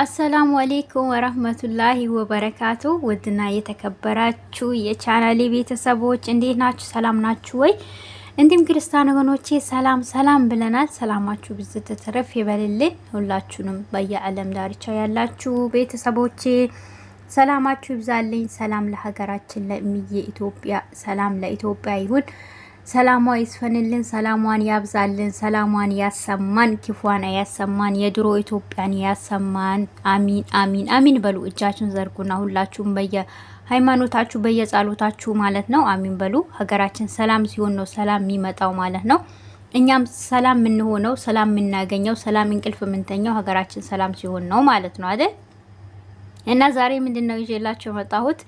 አሰላሙ አሌይኩም ወረህመቱላሂ ወበረካቱ። ውድና የተከበራችሁ የቻናሌ ቤተሰቦች እንዴት ናችሁ? ሰላም ናችሁ ወይ? እንዲሁም ክርስቲያን ወገኖቼ ሰላም ሰላም ብለናል። ሰላማችሁ ብዝት ተረፍ ይበልልን። ሁላችሁንም በየዓለም ዳርቻ ያላችሁ ቤተሰቦቼ ሰላማችሁ ይብዛልኝ። ሰላም ለሀገራችን ለሚዬ ኢትዮጵያ፣ ሰላም ለኢትዮጵያ ይሁን። ሰላሟ ይስፈንልን፣ ሰላሟን ያብዛልን፣ ሰላሟን ያሰማን፣ ኪፏና ያሰማን፣ የድሮ ኢትዮጵያን ያሰማን። አሚን አሚን አሚን በሉ። እጃችን ዘርጉና ሁላችሁም በየ ሃይማኖታችሁ በየጸሎታችሁ ማለት ነው አሚን በሉ። ሀገራችን ሰላም ሲሆን ነው ሰላም የሚመጣው ማለት ነው። እኛም ሰላም የምንሆነው ሰላም የምናገኘው ሰላም እንቅልፍ የምንተኛው ሀገራችን ሰላም ሲሆን ነው ማለት ነው አይደል? እና ዛሬ ምንድነው ይዤላችሁ የመጣሁት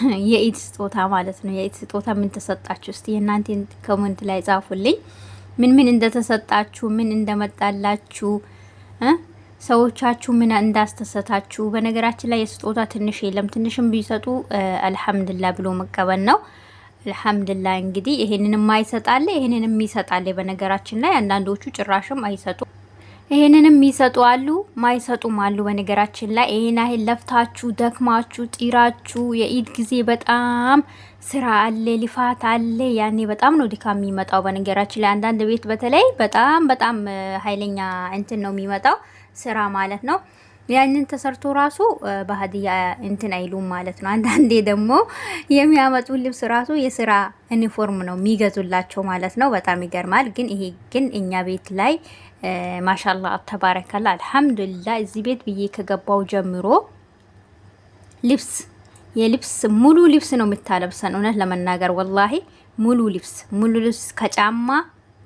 የኢድ ስጦታ ማለት ነው። የኢድ ስጦታ ምን ተሰጣችሁ? እስቲ የእናንተን ኮመንት ላይ ጻፉልኝ። ምን ምን እንደተሰጣችሁ፣ ምን እንደመጣላችሁ፣ ሰዎቻችሁ ምን እንዳስተሰታችሁ። በነገራችን ላይ የስጦታ ትንሽ የለም። ትንሽም ቢሰጡ አልሐምድላ ብሎ መቀበል ነው። አልሐምድላ እንግዲህ ይሄንንም አይሰጣለ፣ ይሄንንም ይሰጣለ። በነገራችን ላይ አንዳንዶቹ ጭራሽም አይሰጡ ይሄንንም የሚሰጡ አሉ፣ ማይሰጡም አሉ። በነገራችን ላይ ይሄን ያህል ለፍታችሁ ደክማችሁ ጢራችሁ የኢድ ጊዜ በጣም ስራ አለ፣ ልፋት አለ። ያኔ በጣም ነው ድካም የሚመጣው። በነገራችን ላይ አንዳንድ ቤት በተለይ በጣም በጣም ኃይለኛ እንትን ነው የሚመጣው ስራ ማለት ነው። ያንን ተሰርቶ ራሱ በሀዲያ እንትን አይሉም ማለት ነው። አንዳንዴ ደግሞ የሚያመጡ ልብስ ራሱ የስራ ዩኒፎርም ነው የሚገዙላቸው ማለት ነው። በጣም ይገርማል። ግን ይሄ ግን እኛ ቤት ላይ ማሻላ ተባረከላ አልሐምዱሊላ እዚህ ቤት ብዬ ከገባው ጀምሮ ልብስ የልብስ ሙሉ ልብስ ነው የምታለብሰን። እውነት ለመናገር ወላሂ ሙሉ ልብስ ሙሉ ልብስ ከጫማ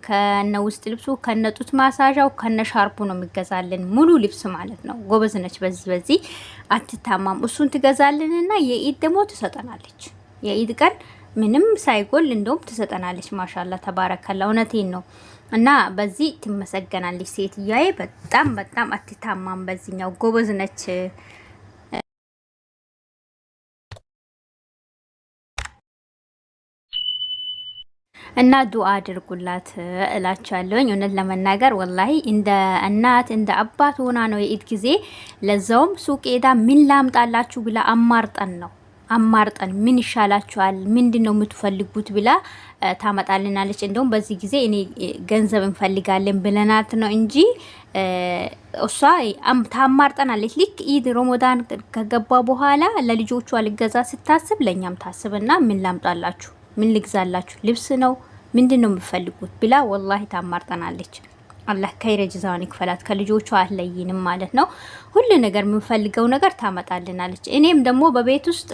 ከነ ውስጥ ልብሱ ከነ ጡት ማሳዣው ከነ ሻርፑ ነው የሚገዛልን ሙሉ ልብስ ማለት ነው። ጎበዝ ነች። በዚህ በዚህ አትታማም። እሱን ትገዛልንና የኢድ ደግሞ ትሰጠናለች። የኢድ ቀን ምንም ሳይጎል እንደውም ትሰጠናለች። ማሻላ ተባረከላ። እውነቴን ነው። እና በዚህ ትመሰገናለች ሴትያዬ። በጣም በጣም አትታማም። በዚህኛው ጎበዝ ነች። እና ዱአ አድርጉላት እላቸዋለሁኝ። እውነት ለመናገር ወላሂ እንደ እናት እንደ አባት ሆና ነው የኢድ ጊዜ ለዛውም ሱቅ ሄዳ ምን ላምጣላችሁ ብላ አማርጠን ነው አማርጠን ምን ይሻላችኋል፣ ምንድን ነው የምትፈልጉት ብላ ታመጣልናለች። እንደውም በዚህ ጊዜ እኔ ገንዘብ እንፈልጋለን ብለናት ነው እንጂ እሷ ታማርጠናለች። ልክ ኢድ ሮሞዳን ከገባ በኋላ ለልጆቿ ልገዛ ስታስብ ለእኛም ታስብና ምን ላምጣላችሁ ምን ልግዛላችሁ? ልብስ ነው ምንድን ነው የምፈልጉት? ብላ ወላሂ ታማርጠናለች። አላህ ከይረ ጅዛዋን ይክፈላት። ከልጆቹ አትለይንም ማለት ነው። ሁሉ ነገር የምንፈልገው ነገር ታመጣልናለች። እኔም ደግሞ በቤት ውስጥ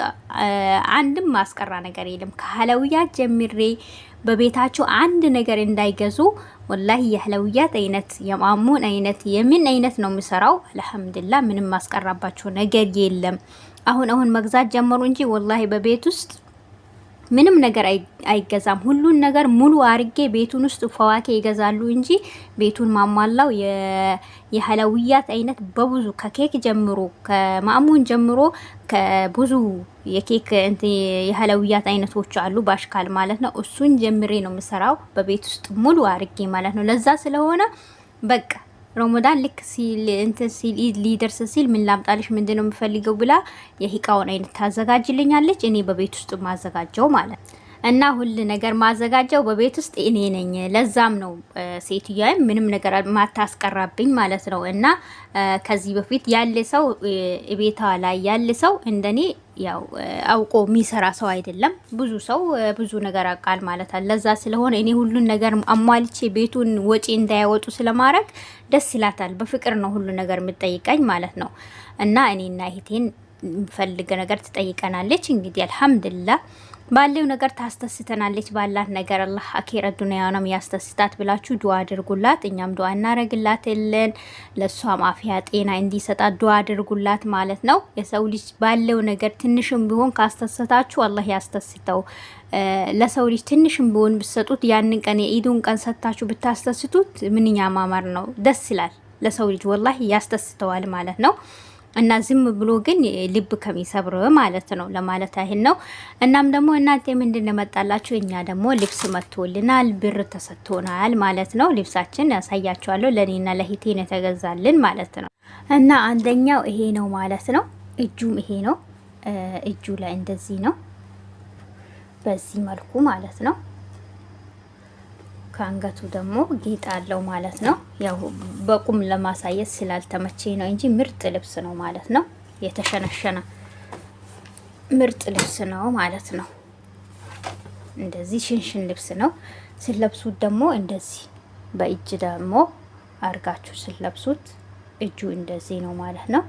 አንድም ማስቀራ ነገር የለም። ከሀለውያት ጀምሬ በቤታቸው አንድ ነገር እንዳይገዙ ወላሂ የህለውያት አይነት የማሙን አይነት የምን አይነት ነው የምሰራው። አልሐምዱላ ምንም ማስቀራባቸው ነገር የለም። አሁን አሁን መግዛት ጀመሩ እንጂ ወላሂ በቤት ውስጥ ምንም ነገር አይገዛም። ሁሉን ነገር ሙሉ አርጌ ቤቱን ውስጥ ፈዋኬ ይገዛሉ እንጂ ቤቱን ማሟላው የሀላዊያት አይነት በብዙ ከኬክ ጀምሮ ከማእሙን ጀምሮ ከብዙ የኬክ የሀላዊያት አይነቶች አሉ፣ ባሽካል ማለት ነው። እሱን ጀምሬ ነው የምሰራው በቤት ውስጥ ሙሉ አርጌ ማለት ነው። ለዛ ስለሆነ በቃ ሮሞዳን ልክ እንትን ሲል ሊደርስ ሲል ምን ላምጣልሽ፣ ምንድን ነው የምፈልገው ብላ የሂቃውን አይነት ታዘጋጅልኛለች። እኔ በቤት ውስጥ ማዘጋጀው ማለት ነው። እና ሁል ነገር ማዘጋጀው በቤት ውስጥ እኔ ነኝ። ለዛም ነው ሴትዮዋም ምንም ነገር ማታስቀራብኝ ማለት ነው። እና ከዚህ በፊት ያለ ሰው ቤቷ ላይ ያለ ሰው እንደኔ ያው አውቆ የሚሰራ ሰው አይደለም። ብዙ ሰው ብዙ ነገር አቃል ማለት አለ። ለዛ ስለሆነ እኔ ሁሉን ነገር አሟልቼ ቤቱን ወጪ እንዳያወጡ ስለማድረግ ደስ ይላታል። በፍቅር ነው ሁሉ ነገር የምጠይቀኝ ማለት ነው። እና እኔና እህቴን የምፈልግ ነገር ትጠይቀናለች። እንግዲህ አልሐምዱሊላህ ባለው ነገር ታስተስተናለች፣ ባላት ነገር አላህ አኬረ ዱንያዋንም ያስደስታት ብላችሁ ዱዓ አድርጉላት። እኛም ዱዓ እናረግላትልን ለእሷም አፍያ ጤና እንዲሰጣት ዱዓ አድርጉላት ማለት ነው። የሰው ልጅ ባለው ነገር ትንሽም ቢሆን ካስተሰታችሁ አላህ ያስተስተው ለሰው ልጅ ትንሽም ቢሆን ብትሰጡት ያንን ቀን የኢዱን ቀን ሰጥታችሁ ብታስተስቱት ምንኛ ማማር ነው! ደስ ይላል። ለሰው ልጅ ወላሂ ያስተስተዋል ማለት ነው። እና ዝም ብሎ ግን ልብ ከሚሰብር ማለት ነው ለማለት ያህል ነው። እናም ደግሞ እናንተ ምንድን መጣላችሁ? እኛ ደግሞ ልብስ መጥቶልናል፣ ብር ተሰጥቶናል ማለት ነው። ልብሳችን ያሳያችኋለሁ። ለእኔና ለሂቴን የተገዛልን ማለት ነው። እና አንደኛው ይሄ ነው ማለት ነው። እጁም ይሄ ነው። እጁ ላይ እንደዚህ ነው፣ በዚህ መልኩ ማለት ነው። ከአንገቱ ደግሞ ጌጥ አለው ማለት ነው ያው በቁም ለማሳየት ስላልተመቸኝ ነው እንጂ ምርጥ ልብስ ነው ማለት ነው። የተሸነሸነ ምርጥ ልብስ ነው ማለት ነው። እንደዚህ ሽንሽን ልብስ ነው። ስለብሱት ደግሞ እንደዚህ በእጅ ደግሞ አርጋችሁ ስለብሱት እጁ እንደዚህ ነው ማለት ነው።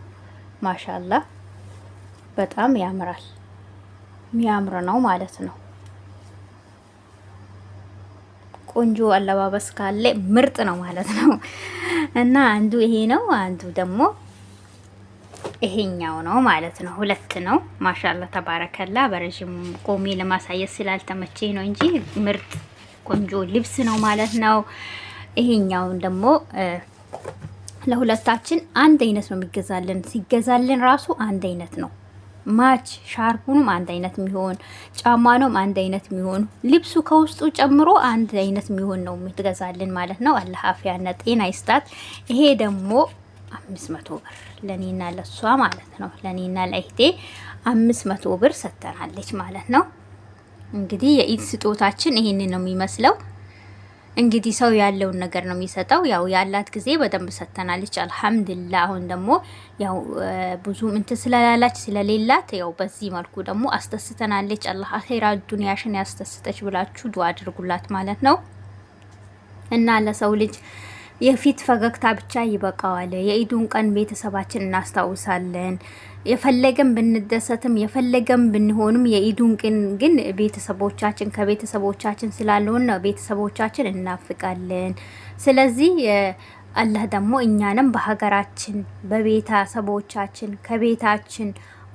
ማሻላ በጣም ያምራል። የሚያምር ነው ማለት ነው። ቆንጆ አለባበስ ካለ ምርጥ ነው ማለት ነው። እና አንዱ ይሄ ነው፣ አንዱ ደግሞ ይሄኛው ነው ማለት ነው። ሁለት ነው። ማሻላ ተባረከላ። በረዥም ቆሜ ለማሳየት ስላልተመቼ ነው እንጂ ምርጥ ቆንጆ ልብስ ነው ማለት ነው። ይሄኛውን ደግሞ ለሁለታችን አንድ አይነት ነው የሚገዛልን። ሲገዛልን ራሱ አንድ አይነት ነው። ማች ሻርፑንም አንድ አይነት የሚሆን ጫማኖም አንድ አይነት የሚሆን ልብሱ ከውስጡ ጨምሮ አንድ አይነት የሚሆን ነው የምትገዛልን ማለት ነው። አላህ አፍያና ጤና ይስጣት። ይሄ ደግሞ አምስት መቶ ብር ለእኔና ለእሷ ማለት ነው። ለእኔና ለእህቴ አምስት መቶ ብር ሰጥተናለች ማለት ነው። እንግዲህ የኢድ ስጦታችን ይሄንን ነው የሚመስለው። እንግዲህ ሰው ያለውን ነገር ነው የሚሰጠው። ያው ያላት ጊዜ በደንብ ሰጥተናለች፣ አልሐምድላ። አሁን ደግሞ ያው ብዙ እንትን ስለላላች ስለሌላት ያው በዚህ መልኩ ደግሞ አስደስተናለች። አላህ አኼራ ዱንያሽን ያስደስተች ብላችሁ ዱ አድርጉላት ማለት ነው እና ለሰው ልጅ የፊት ፈገግታ ብቻ ይበቃዋል። የኢዱን ቀን ቤተሰባችን እናስታውሳለን። የፈለገን ብንደሰትም የፈለገን ብንሆንም የኢዱን ቀን ግን ቤተሰቦቻችን ከቤተሰቦቻችን ስላለሆን ቤተሰቦቻችን እናፍቃለን። ስለዚህ አላህ ደግሞ እኛንም በሀገራችን በቤተሰቦቻችን ከቤታችን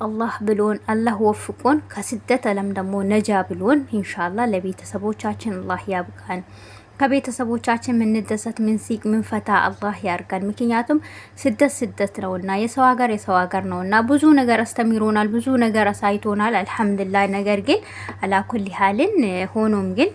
አላህ ብሎን አላህ ወፍቆን ከስደት አለም ደግሞ ነጃ ብሎን ኢንሻአላህ ለቤተሰቦቻችን አላህ ያብቃን። ከቤተሰቦቻችን ምንደሰት ምንሲቅ ምንፈታ አላህ ያርጋል ምክንያቱም ስደት ስደት ነውና የሰው ሀገር የሰው ሀገር ነውና ብዙ ነገር አስተምሮናል፣ ብዙ ነገር አሳይቶናል። አልሐምዱሊላህ። ነገር ግን አላኩል ሀልን ሆኖም ግን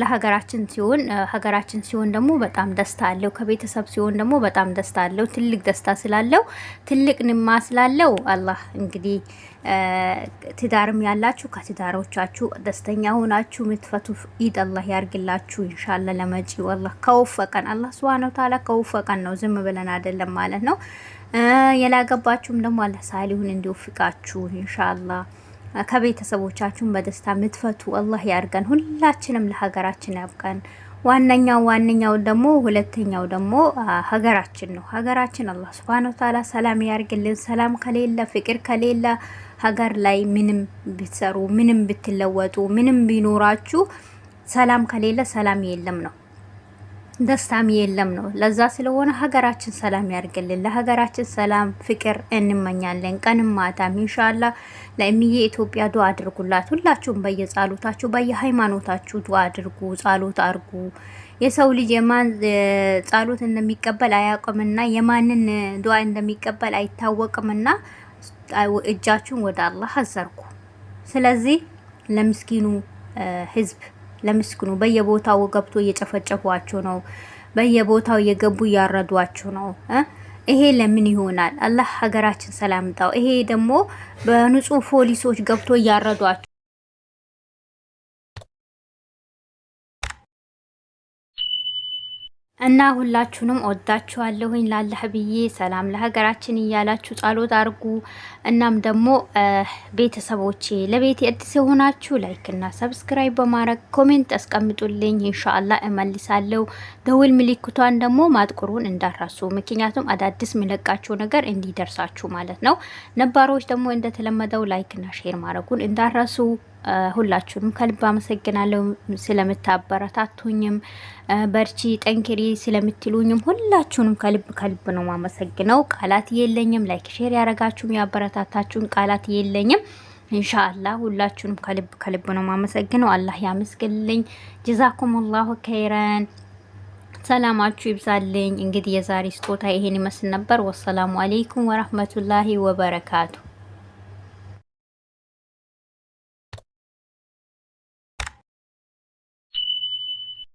ለሀገራችን ሲሆን ሀገራችን ሲሆን ደግሞ በጣም ደስታ አለው። ከቤተሰብ ሲሆን ደግሞ በጣም ደስታ አለው። ትልቅ ደስታ ስላለው ትልቅ ንማ ስላለው አላህ እንግዲህ ትዳርም ያላችሁ ከትዳሮቻችሁ ደስተኛ ሆናችሁ ምትፈቱ ኢድ አላህ ያርግላችሁ። እንሻላ ለመጪ አላህ ከውፈቀን አላህ ሱብሃነሁ ወተዓላ ከወፈቀን ነው፣ ዝም ብለን አይደለም ማለት ነው። የላገባችሁም ደግሞ አላህ ሳሊሁን እንዲወፍቃችሁ ኢንሻአላህ ከቤተሰቦቻችሁን በደስታ ምትፈቱ አላህ ያርገን። ሁላችንም ለሀገራችን ያብቀን። ዋነኛው ዋነኛው ደግሞ ሁለተኛው ደግሞ ሀገራችን ነው። ሀገራችን አላህ ሱብሃነሁ ወተዓላ ሰላም ያርግልን። ሰላም ከሌለ ፍቅር ከሌለ ሀገር ላይ ምንም ብትሰሩ፣ ምንም ብትለወጡ፣ ምንም ቢኖራችሁ ሰላም ከሌለ ሰላም የለም ነው። ደስታም የለም ነው። ለዛ ስለሆነ ሀገራችን ሰላም ያርግልን። ለሀገራችን ሰላም ፍቅር እንመኛለን ቀንም ማታም። ኢንሻላ ለእምዬ ኢትዮጵያ ዱአ አድርጉላት። ሁላችሁም በየጻሎታችሁ በየሃይማኖታችሁ ዱአ አድርጉ፣ ጻሎት አርጉ የሰው ልጅ የማን ጻሎት እንደሚቀበል አያውቅምና የማንን ዱአ እንደሚቀበል አይታወቅምና እጃችሁን ወደ አላህ አዘርጉ። ስለዚህ ለምስኪኑ ህዝብ ለምስኪኑ በየቦታው ገብቶ እየጨፈጨፏቸው ነው። በየቦታው እየገቡ እያረዷቸው ነው። ይሄ ለምን ይሆናል? አላህ ሀገራችን ሰላምጣው ይሄ ደግሞ በንጹህ ፖሊሶች ገብቶ እያረዷቸው እና ሁላችሁንም ወዳችኋለሁኝ ላለህ ብዬ ሰላም ለሀገራችን እያላችሁ ጸሎት አርጉ። እናም ደግሞ ቤተሰቦቼ ለቤት አዲስ የሆናችሁ ላይክና ሰብስክራይብ በማድረግ ኮሜንት አስቀምጡልኝ። ኢንሻአላህ እመልሳለሁ። ደውል ምልክቷን ደግሞ ማጥቁሩን እንዳራሱ፣ ምክንያቱም አዳዲስ የሚለቃችሁ ነገር እንዲደርሳችሁ ማለት ነው። ነባሮች ደግሞ እንደተለመደው ላይክና ሼር ማድረጉን እንዳራሱ ሁላችሁንም ከልብ አመሰግናለሁ ስለምታበረታቱኝም፣ በርቺ ጠንክሪ ስለምትሉኝም ሁላችሁንም ከልብ ከልብ ነው ማመሰግነው። ቃላት የለኝም። ላይክ ሼር ያረጋችሁም ያበረታታችሁን ቃላት የለኝም። ኢንሻአላህ ሁላችሁንም ከልብ ከልብ ነው ማመሰግነው። አላህ ጀዛኩም ጀዛኩሙላሁ ከይረን። ሰላማችሁ ይብዛልኝ። እንግዲህ የዛሬ ስጦታ ይሄን ይመስል ነበር። ወሰላሙ አሌይኩም ወራህመቱላሂ ወበረካቱ